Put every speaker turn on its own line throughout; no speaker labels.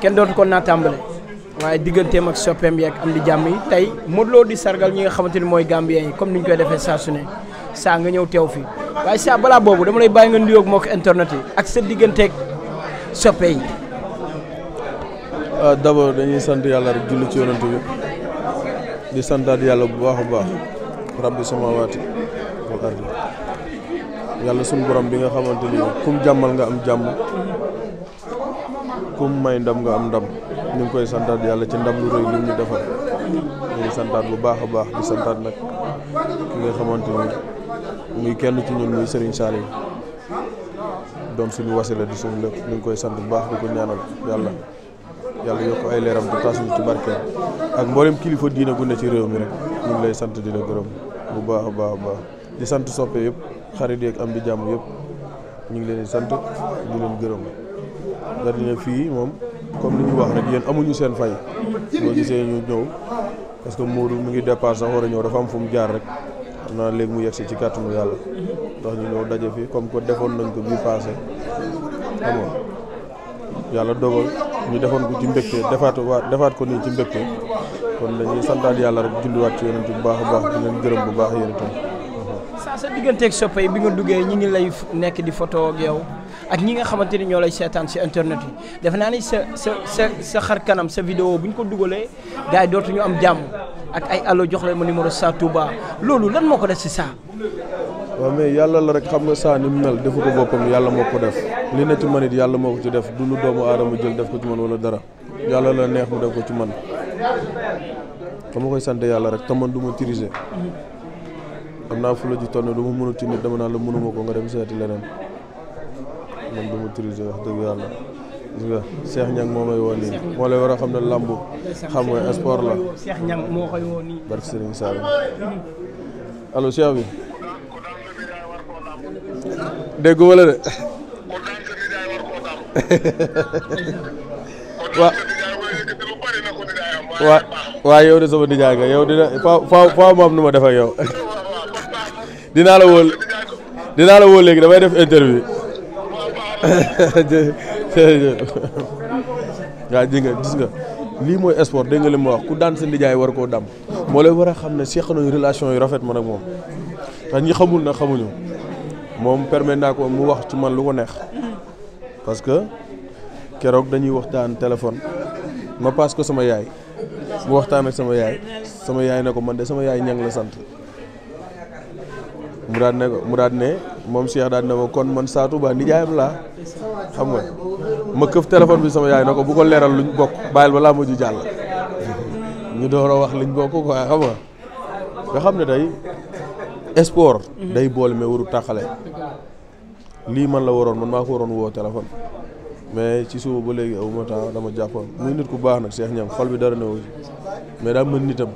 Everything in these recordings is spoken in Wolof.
kenn dootu kon naa tàmbale waaye digganteem ak soppeem yeeg am di jàmm yi tey Modou di sargal ñi nga xamante ni mooy Gambien yi comme ni ñu koy defee saa ne saa nga ñëw teew fi waaye balaa boobu dama bàyyi nga nuyoog moo ko internet yi ak sa digganteeg soppe yi.
Ah, d' abord dañuy sant yàlla rek julli ci yonent bi di santaat yàlla bu baax a baax rabbi samawaati wal ardi yàlla sunu borom bi nga xamante ni kum jàmmal nga am jàmm. ku mu may ndam nga am ndam ñu ngi koy santaat yàlla ci ndam lu rëy li ñu defal ñu ngi santaat bu baax a baax di santaat nag ki nga xamante ni muy kenn ci ñun muy Serigne Saliou doon suñu wasila di suñu ñu ngi koy sant bu baax di ko ñaanal yàlla yàlla yokk ay leeram te taas ñu ci barkeel ak mboolem kilifa diina gu ci réew mi rek ñu ngi lay sant di la bu baax a baax a baax di sant soppe yëpp xarit yeeg am di jàmm yëpp ñu ngi leen sant di leen gërëm. dañu ne fii moom comme li ñu wax rek yéen amuñu seen fay boo gisee ñu ñëw parce que Modou mu ngi départ sax war a ñëw dafa am fu mu jaar rek xam naa léegi mu yegsi ci kàttanu yàlla ndax ñu ñëw daje fi comme que defoon nañ ko bii paase xam nga yàlla dogal ñu defoon ko ci mbégte waa defaat ko nii ci mbégte kon dañuy santaat yàlla rek julliwaat ci yonent bu baax a baax di leen gërëm bu baax yéen itam.
saa sa digganteeg soppe bi nga duggee ñi ngi lay nekk di photo ak yow. ak ñi nga xamante ni ñoo lay seetaan si internet yi defe naa ni sa sa sa sa xar kanam sa vidéo bu ñu ko dugalee gars yi dootuñu am jàmm ak ay allo jox la ma numéro Sa Touba loolu lan moo ko def si saa.
waaw mais yàlla la rek xam nga saa ni mu mel defu ko boppam yàlla moo ko def li ne ci man it yàlla moo ko ci def du lu doomu aadama jël def ko ci man wala dara yàlla la neex mu def ko ci man dama koy sant yàlla rek te man du tirise
mm-hmm.
am naa fu la ji tonne du ma mënul ci nit dama naan ko nga dem seeti man du ma tricher wax dëgg yàlla gis nga moo may woo nii moo lay war a xam ne làmb xam nga la
Cheikh Niang moo koy woo nii
barke Serigne Sall allo Cheikh bi dégg wala de waa waa waa yow de sama nijaay nga yow dina faaw faaw ma am nu ma def ak la wóol la wóol léegi damay def interview jërëjëf waaw ji nga gis nga lii mooy sport dégg nga wax ku daan sa nijaay war koo dam moo lay war a xam ne seq nañu relation yu rafet ma ak moom ndax xamul na xamuñu moom permettre naa ko mu wax ci man lu ko neex parce que keroog dañuy waxtaan téléphone ma paas ko sama yaay mu waxtaan ak sama yaay sama yaay ne ko man de sama yaay ñang la sant mu daal ne ko mu ne moom Cheikh daan na ma kon man Sa Touba nijaayam laa xam nga ma këf téléphone bi sama yaay na ko bu ko leeral luñ bokk bàyyil balaa mujj jàll ñu door a wax liñ bokk quoi xam xam ne day sport day boole mais waru tàqale lii man la waroon man maa ko waroon woo téléphone mais ci suba ba léegi aw ma temps dama jàppoon muy nit ku baax nag seex Niang xol bi dara newu mais daa mën nitam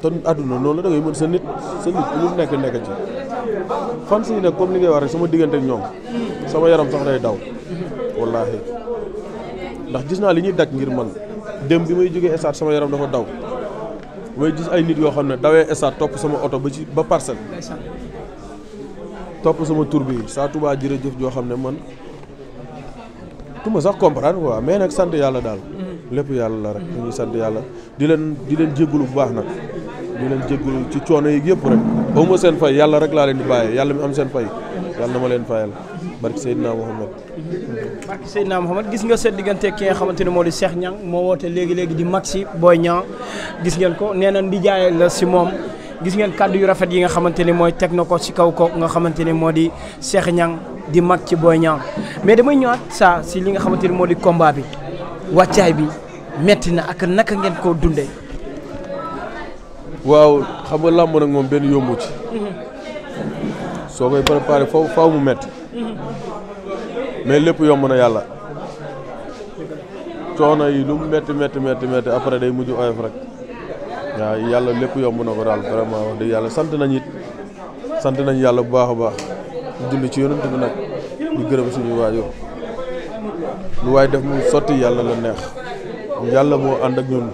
te àdduna noonu la da ngay mën sa nit sa nit lu nekk nekk ci fan si ne comme li ngay wax rek sama diggante ak ñoom
sama yaram sax day
daw wallaahi ndax gis naa li ñuy daj ngir man dem bi may jógee stade sama yaram dafa daw may gis ay nit yoo xam ne dawee stade topp sama oto ba ci ba parcelle topp sama tur bi saa tubaa jërëjëf joo xam ne man tuma sax comprendre quoi mais nag sant yàlla daal mm-hmm. lépp yàlla la rek dañuy sant yàlla di leen di leen jéggulu bu baax nag ñu leen jégalu ci coono yi yëpp rek aw ma seen fay yàlla rek laa leen di bàyyee yàlla mi am seen fay yàlla na ma leen fayal barki Seydina Mohamed.
barki Seydina Mohamed gis nga seen diggante ki nga xamante ne moo di Cheikh Niang moo woote léegi léegi di Maxi Boy Niang gis ngeen ko nee na ndijaay la si moom. gis ngeen kàddu yu rafet yi nga xamante ni mooy teg na ko ci kaw ko nga xamante ni moo di Cheikh Niang di mag ci Boy Niang mais damay ñëwaat saa si li nga xamante ni moo di combat bi wàccaay bi metti na ak naka ngeen koo dundee.
waaw xam nga làmb nag moom benn yombu ci. soo koy préparé faw faw mu métti. mais lépp yomb na yàlla. coono yi lu mu mett métti métti après day mujj oyof rek. waaw yàlla lépp yomb na ko daal vraiment wax yàlla sant nañ it sant nañ yàlla bu baax a baax di ci yonent bi nag di gërëm suñu waajur waaye def mu sotti yàlla la neex yàlla moo ànd ak ñun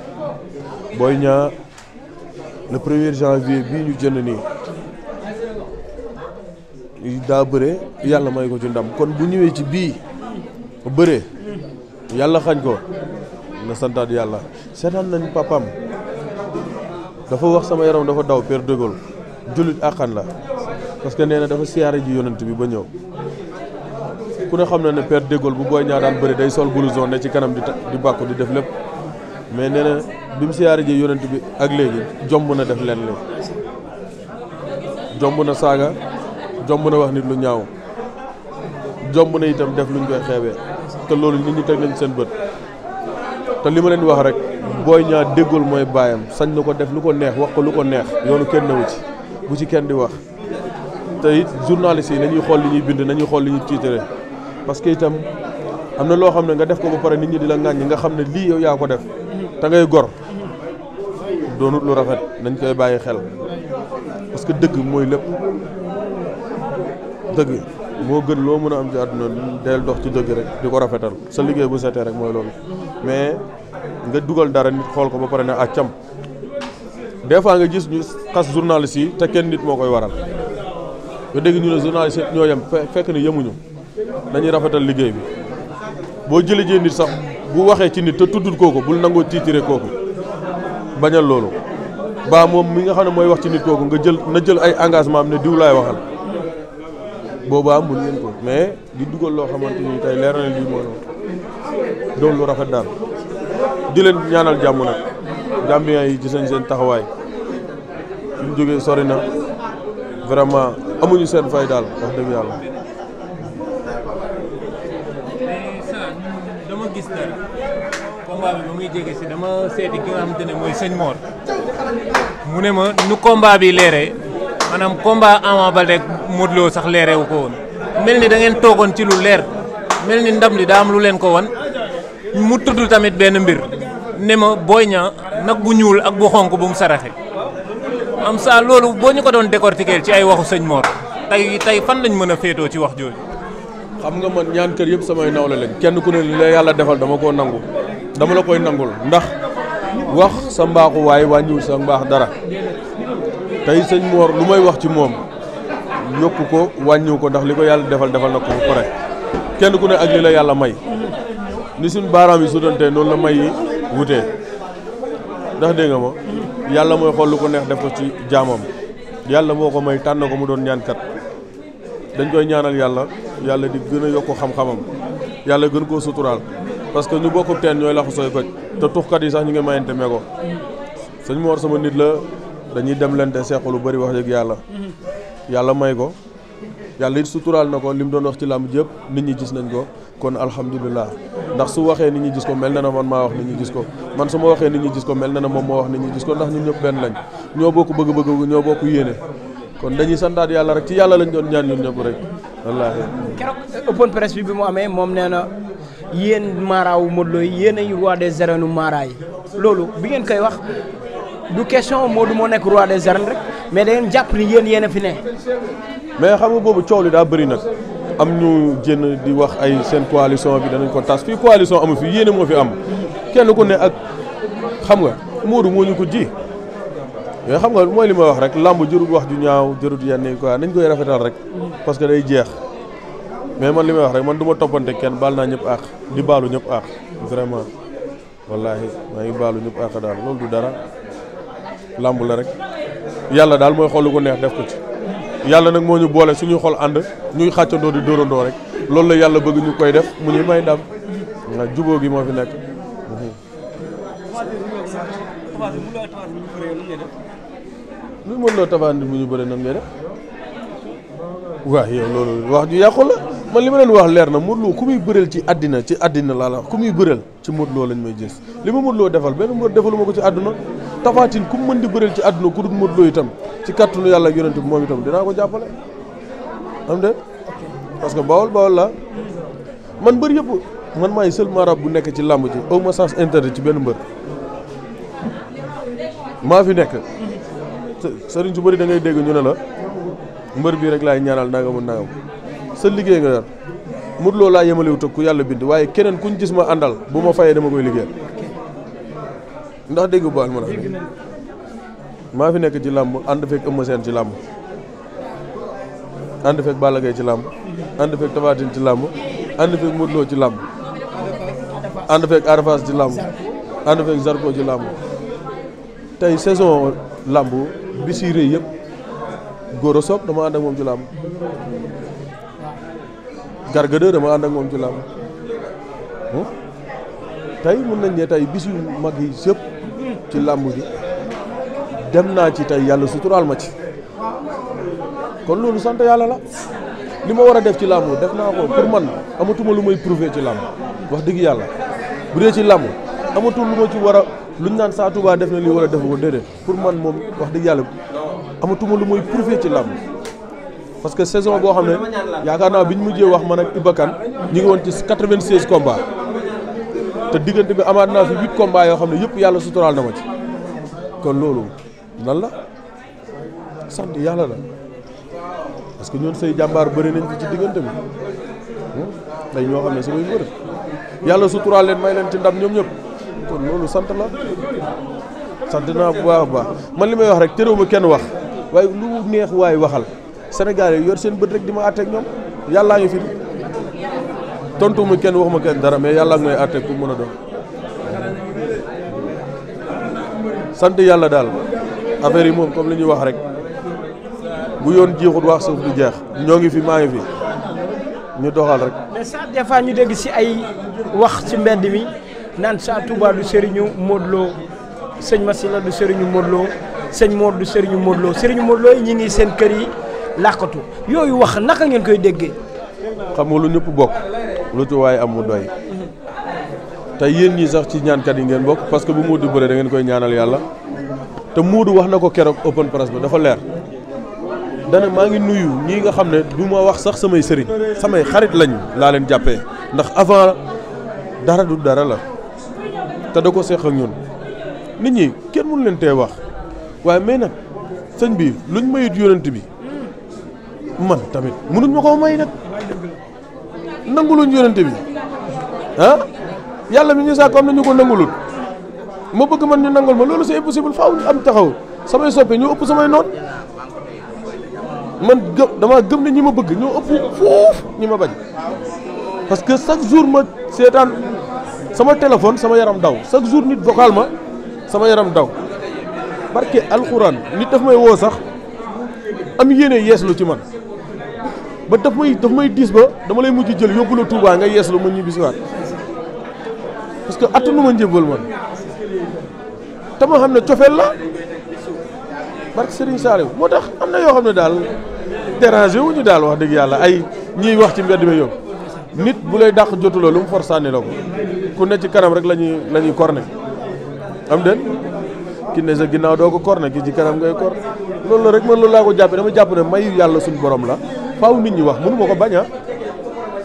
booy ñaa le premier janvier bii ñu jënd nii daa bëre yàlla may ko ci ndam kon bu ñëwee ci bii bëree yàlla xañ ko na santaat yàlla seetaan nañ papam dafa wax sama yaram dafa daw per de Gaulle jullit àqan la parce que nee na dafa siyaare ji yonent bi ba ñëw ku ne xam na ne Père de Gaulle bu booy ñaa daan bëri day sol blouson ne ci kanam di ta di bàkku di def lépp mais nee na bi mu siyaare ji yonent bi ak léegi jomb na def leen jomb na saaga jomb na wax nit lu ñaaw jomb na itam def luñ koy xeebee te loolu nit ñi teg nañ seen bët te li ma leen wax rek booy ñaar déggul mooy baayam sañ na ko def lu ko neex wax ko lu ko neex yoonu kenn newu ci bu ci kenn di wax te it journalistes yi nañuy xool li ñuy bind nañuy xool li ñuy tiitare parce que itam am na loo xam ne nga def ko ba pare nit ñi di la ŋàññi nga xam ne lii yow yaa ko def te ngay gor
doonut lu rafet
dañ koy bàyyi xel parce que dëgg mooy lépp dëgg moo gën loo mën a am ci àdduna del dox ci dëgg rek di ko rafetal sa liggéey bu seetee rek mooy loolu mais nga dugal dara nit xool ko ba pare ne ah cam des fois nga gis ñu xas journaliste yi te kenn nit moo koy waral nga dégg ñu ne journaliste ñoo yem fekk ne yemuñu dañuy rafetal liggéey bi boo jëlee jee nit sax bu waxee ci nit te tuddul kooku bul nangoo tiitire kooku bañal loolu baa moom mi nga xam ne mooy wax ci nit kooku nga jël na jël ay engagement am ne diw laay waxal boobaa mun ngeen ko mais di dugal loo xamante ni tey leer na lii mooy doon lu rafet daal di leen ñaanal jàmm nag Gambien yi gis nañ seen taxawaay ñu jógee sori na vraiment amuñu seen fay daal wax dëgg yàlla.
jege si dama seeti ki nga mooy sëñ Mor mu ne ma nu combat bi leeree maanaam combat Ama Baldé ak Lo sax leerewu wu ko woon mel ni da toogoon ci lu leer mel ni ndam li daa am lu leen ko won mu tudd tamit benn mbir ne ma booy ña nag bu ñuul ak bu xonq bu mu saraxe am saa loolu boo ñu ko doon décortiquer ci ay waxu sëñ moor tey tey fan lañ mën a féetoo ci wax jooju.
xam nga man ñaan kër yëpp samay nawle lañ kenn ku ne li la yàlla defal dama koo nangu dama la koy nangul ndax wax sa mbaaxu waaye wàññiwul sa mbaax dara tey sëñ Mor lu may wax ci moom yokk ko wàññiw ko ndax li ko yàlla defal defal na ko ko rek kenn ku ne ak li la yàlla may ni suñ baaraam yi sutantee noonu la may yi wutee ndax dégg ma yàlla mooy xool lu ko neex def ko ci jaamam yàlla moo ko may tànn ko mu doon ñaankat dañ koy ñaanal yàlla yàlla di gën a yokk xam-xamam yàlla gën koo suturaal parce que ñu bokkul teen ñooy laxu sooy faj te tuxkat yi sax ñu ngi mayante mee ko sëñ Mor sama nit la dañuy dem lente seexu lu bari wax dëgg yàlla yàlla may ko yàlla it suturaal na ko li mu doon wax ci làmb jëpp nit ñi gis nañ ko kon alhamdulilah ndax su waxee nit ñi gis ko mel na na man maa wax nit ñi gis ko man su ma waxee nit ñi ko mel na na moom moo wax nit ñi gis ko ndax ñun ñëpp benn lañ ñoo bokk bëgg-bëgg ñoo bokk yéene kon dañuy santaat yàlla rek ci yàlla lañ doon ñaan ñun ñëpp rek wallaahi keroog
yéen maaraawu Modou Lo yi yéen ay roi de arènes maara yi loolu bi ngeen koy wax du question Modou moo nekk roi des arènes rek mais da ngeen jàpp ni yéen yéen a fi ne. mais xam
nga boobu coow li daa bëri nag am ñu jënn di wax ay seen coalition bi danañ ko tas fii coalition amu fi yéene moo fi am kenn ku ne ak xam nga Modou moo ñu ko ji. mais xam nga mooy li may wax rek làmb jërut wax ju ñaaw jërut yenn quoi nañ koy rafetal rek parce que day jeex. mais man li may wax rek man du ma toppante kenn baal naa ñëpp àq di baalu ñëpp àq vraiment wallaahi maa ngi baalu ñëpp àq daal loolu du dara làmb la rek yàlla daal mooy xool lu ko neex def ko ci. yàlla nag moo ñu boole suñuy xol ànd ñuy xàccandoo di dóorandoo rek loolu la yàlla bëgg ñu koy def mu ñuy may ndam nga jubóo gi moo fi nekk. lu mën loo tabaandi bu ñu bëree nan ngay def waaw yow loolu wax ju yàqu la man li ma leen wax leer na Modou Lo ku muy bëreel ci àddina ci àddina laa la ku muy bëreel ci Modou lañ may jël li ma motloo defal benn mbër defaluma ko ci àdduna Tapha Tine ku mu mën di bëreel ci àdduna ku dul Modou itam ci kàttanu yàlla ak yonent bi moom itam dinaa ko jàppale am de parce que bawol bawol la man mbër yëpp man may seul marab bu nekk ci làmb ji aw ma sens interdit ci benn mbër maa fi nekk sëriñ su bari da ngay dégg ñu ne la mbër bii rek laay ñaanal nangam nangam sa liggéey nga yor Modou Lo laa yemalewut ak ku yàlla bind waaye keneen kuñ gis ma àndal bu ma fayee dama koy liggéeyal ndax dégg bu baax ma la maa fi nekk ci làmb ànd fekk Eumeu ci làmb ànd fekk Balla ci làmb ànd fekk Tapha ci làmb ànd fekk Modou ci làmb ànd fekk Arafas ci làmb ànd fekk Zarko ci làmb tey saison làmb bi si rëy góor a soob dama ànd ak moom ci làmb Garga 2 dama ànd ak moom ci làmb tey mun nañ ne tey bis mag yi yëpp ci làmb bi dem naa ci tey yàlla suturaal ma ci kon loolu sant yàlla la li ma war a def ci làmb def naa ko pour man amatuma lu may prouver ci làmb wax dëgg yàlla bu dee ci làmb amatul lu ma ci war a luñ naan Sa Touba def na lii wala def ko déedéet pour man moom wax dëgg yàlla amatuma lu may prouver ci làmb parce que saison boo xam ne yaakaar naa bi ñu mujjee wax man ak Ibakan ñu ngi woon ci 96 combats te diggante bi amaat naa fi 8 combats yoo xam ne yëpp yàlla suturaal na ma ci kon loolu nan la sant yàlla la parce que ñoon say jàmbaar bëri nañ ko ci diggante bi day ñoo xam ne samay mbër yàlla suturaal leen may leen ci ndam ñoom ñëpp kon loolu sant la sant naa bu baax man li may wax rek terewuma kenn wax waaye lu neex waay waxal. Sénégal yi yor seen bët rek di ma àtteeg ñoom yàllaa ñu fi tontu ma kenn waxuma kenn dara mais yàllaa mooy àtteeg ku mën a doon sant yàlla daal affaire yi moom comme li ñuy wax rek bu yoon jeexut wax suuf du jeex ñoo ngi fi maa ngi fi ñu doxal rek.
mais ça des fois ñu dégg si ay wax ci mbedd mi naan sa Touba du sëriñu Modou Lo sëñ Massila du sëriñu Modou sëñ Mor du sëriñu Modou Lo sëriñu Modou ngi seen kër yi. làqatu yooyu wax naka ngeen koy déggee.
xam nga lu ñëpp bokk lu ci waaye am mu doy. te yéen ñi sax ci ñaankat yi ngeen bokk parce que bu Modou bëree da ngeen koy ñaanal yàlla te Modou wax na ko keroog open press ba dafa leer dana maa ngi nuyu ñii nga xam ne du ma wax sax samay sëriñ samay xarit lañu laa leen jàppee ndax avant dara du dara la te da ko seex ak ñun nit ñi kenn mënu leen tee wax waaye mais nag sëñ bi luñ mayut yonent bi man tamit mënuñ ma koo may nag nanguluñ yonente bi ah yàlla mi ñu sàkk am na ñu ko nangulul ma bëgg man ñu nangul ma loolu c'est impossible faaw ñu am taxaw samay soppe ñoo ëpp samay noon man gëm dama ne ñi ma bëgg ñoo ëpp ñi ma bañ que chaque jour ma seetaan sama téléphone sama yaram daw chaque jour nit vocal ma sama yaram daw barke alxuraan nit daf may woo sax am yéene yees lu ci man ba daf may daf may diis ba dama lay mujj jël yóbbu la Touba nga yees lu ma ñibbi si waat parce que attanu ma njëbbal man te ma xam ne cofeel la barke Serigne Saliou moo tax am na yoo xam ne daal dérangé wu ñu daal wax dëgg yàlla ay ñiy wax ci mbedd mi yow nit bu lay dàq jotuloo lu mu for sànni la ko ku ne ci kanam rek la ñuy la ñuy am den ki ne sa ginnaaw doo ko corné ki ci kanam ngay corné loolu la rek man loolu laa ko jàppee dama jàpp ne mayu yàlla suñu borom la faaw
nit ñi wax mënu ma ko bañ a ah.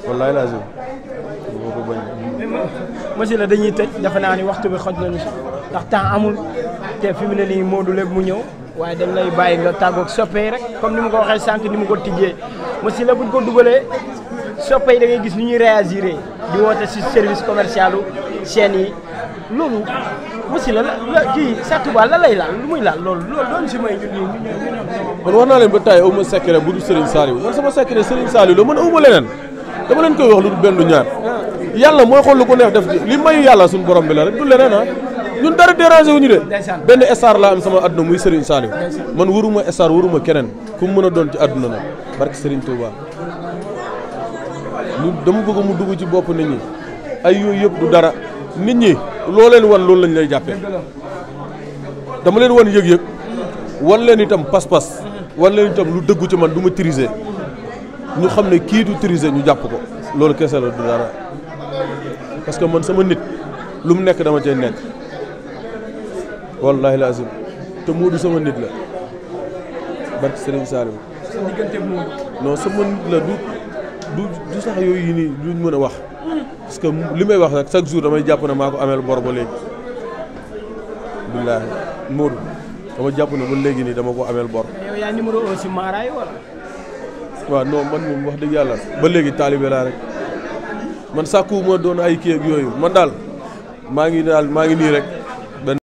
wallaay
laa si mënu ma ko bañ
monsieur la dañuy tëj defe naa ni waxtu bi xoj nañu si ndax temps amul te fi mu moo du Modou lépp mu ñëw waaye dañ lay bàyyi nga tàggoog soppe yi rek comme ni ma ko waxee sànq ni ma ko tijjee monsieur la buñ ko dugalee soppe yi da gis ni ñuy réagir di woote si service commercial u chaîne yi mosi la la kii Sa Touba la lay laal lu muy laal loolu si may ñun ñi
man wax naa leen ba tey aw ma secret bu dul Serigne Saliou man sama secret Serigne Saliou la man aw ma leneen dama leen koy wax lu benn ñaar yàlla mooy xool lu ko neex def li mayu yàlla suñu borom bi la rek du leneen ah ñun dara dérangé wu de benn star laa am sama adduna muy Serigne Saliou man waruma star waruma keneen ku mu mën a doon ci adduna nag barke Serigne Touba lu dama bëgg mu dugg ci bopp nit ñi ay yooyu yëpp du dara nit ñi loo leen wan loolu lañ lay jàppee dama leen wan yëg-yëg wan leen itam pas-pas wan leen itam lu dëggu ci man du ma triser ñu xam ne kii du triser ñu jàpp ko loolu kese la du dara parce que man sama nit lu mu nekk dama cay nekk wallahi lazim te Modou sama nit la barke Serigne Saliou non sama nit la du du du sax yooyu yi nii duñ mën a wax que li may wax rek chaque jour damay jàpp ne maa ko ameel bor ba léegi billaahi Modou dama jàpp ne ba léegi nii dama ko ameel bor. yow yaa numéro waaw non man moom wax dëgg yàlla ba léegi taalibe laa rek man sàkku ma doon ay kii ak yooyu man daal maa ngi daal maa ngi nii rek.